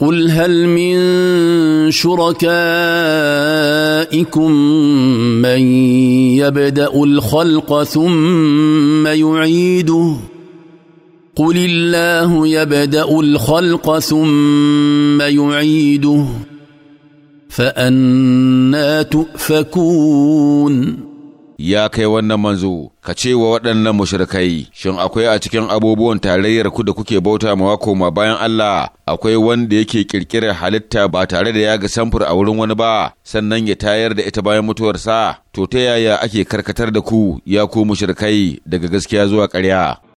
قل هل من شركائكم من يبدا الخلق ثم يعيده قل الله يبدا الخلق ثم يعيده فانا تؤفكون ya kai wannan manzo ka ce wa waɗannan mushrikai shin akwai a cikin abubuwan tarayyar ku da kuke bauta ma ma bayan Allah akwai wanda yake kirkirar halitta ba tare da ya ga samfur a wurin wani ba sannan ya tayar da ita bayan mutuwarsa to ta yaya ake karkatar da ku ya ku mushrikai daga gaskiya zuwa ƙarya